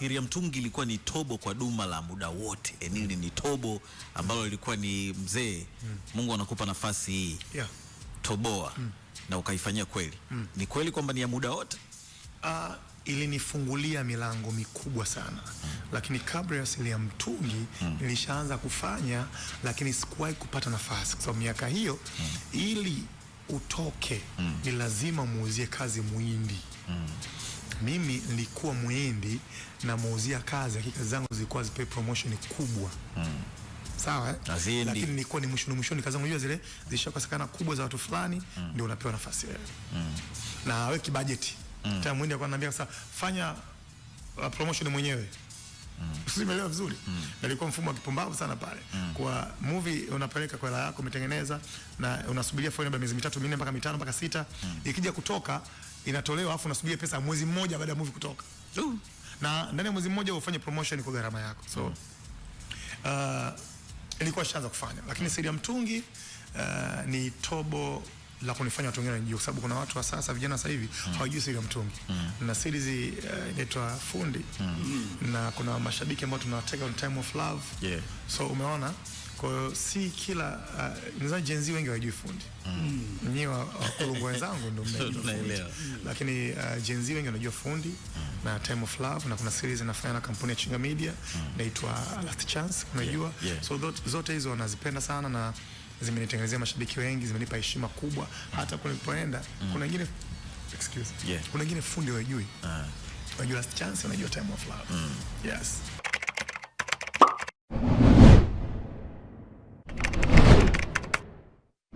Heri ya mtungi ilikuwa ni tobo kwa duma la muda wote. Enili eh, ni tobo ambalo ilikuwa ni mzee mm. Mungu anakupa nafasi hii yeah. Toboa mm. na ukaifanyia kweli mm. Ni kweli kwamba ni ya muda wote uh, ilinifungulia milango mikubwa sana mm. Lakini kabla ya asili ya mtungi mm. nilishaanza kufanya, lakini sikuwahi kupata nafasi kwa sababu miaka hiyo mm. ili utoke mm. ni lazima muuzie kazi muindi mm. Mimi nilikuwa na muuzia kazi, hakika zangu zilikuwa zipe promotion kubwa mm. Sawa, eh? lakini nilikuwa ni mwishoni mwishoni, kazi zangu unajua zile zishakosekana kubwa za watu fulani mm. ndio unapewa nafasi mm. na weki budget mm. tena mwindi akaniambia sasa fanya uh, promotion mwenyewe Mm. Usielewa vizuri. Mm. Nalikuwa mfumo wa kipumbavu sana pale. Mm. Kwa movie unapeleka kwa hela yako umetengeneza na unasubiria foni faili miezi mitatu minne mpaka mitano mpaka sita. Mm. Ikija kutoka inatolewa afu unasubiri pesa mwezi mmoja baada ya movie kutoka. Uh. Na ndani ya mwezi mmoja ufanye promotion kwa gharama yako. So mm. uh, ilikuwa shaanza kufanya lakini siri ya mtungi uh, ni tobo la kunifanya watu wengine wanijue, kwa sababu kuna watu wa sasa vijana sasa hivi mm. hawajui siri ya mtungi mm. na series uh, inaitwa Fundi mm. na kuna mashabiki ambao tunawateka on time of love yeah. So umeona kwa hiyo si kila uh, Gen Z wengi wajui fundi mm. Nyie wakulungu wenzangu ndio mnaelewa, lakini uh, Z wengi wanajua fundi mm. na Time of Love na kuna series inafanya na kampuni ya Chinga Media mm. inaitwa Last Chance unajua So zote hizo wanazipenda sana na zimenitengenezea mashabiki wengi, zimenipa heshima kubwa mm. hata kulipoenda kuna wengine excuse yeah. kuna wengine fundi wajui uh. Ah. wajua Last Chance, wanajua Time of Love mm. yes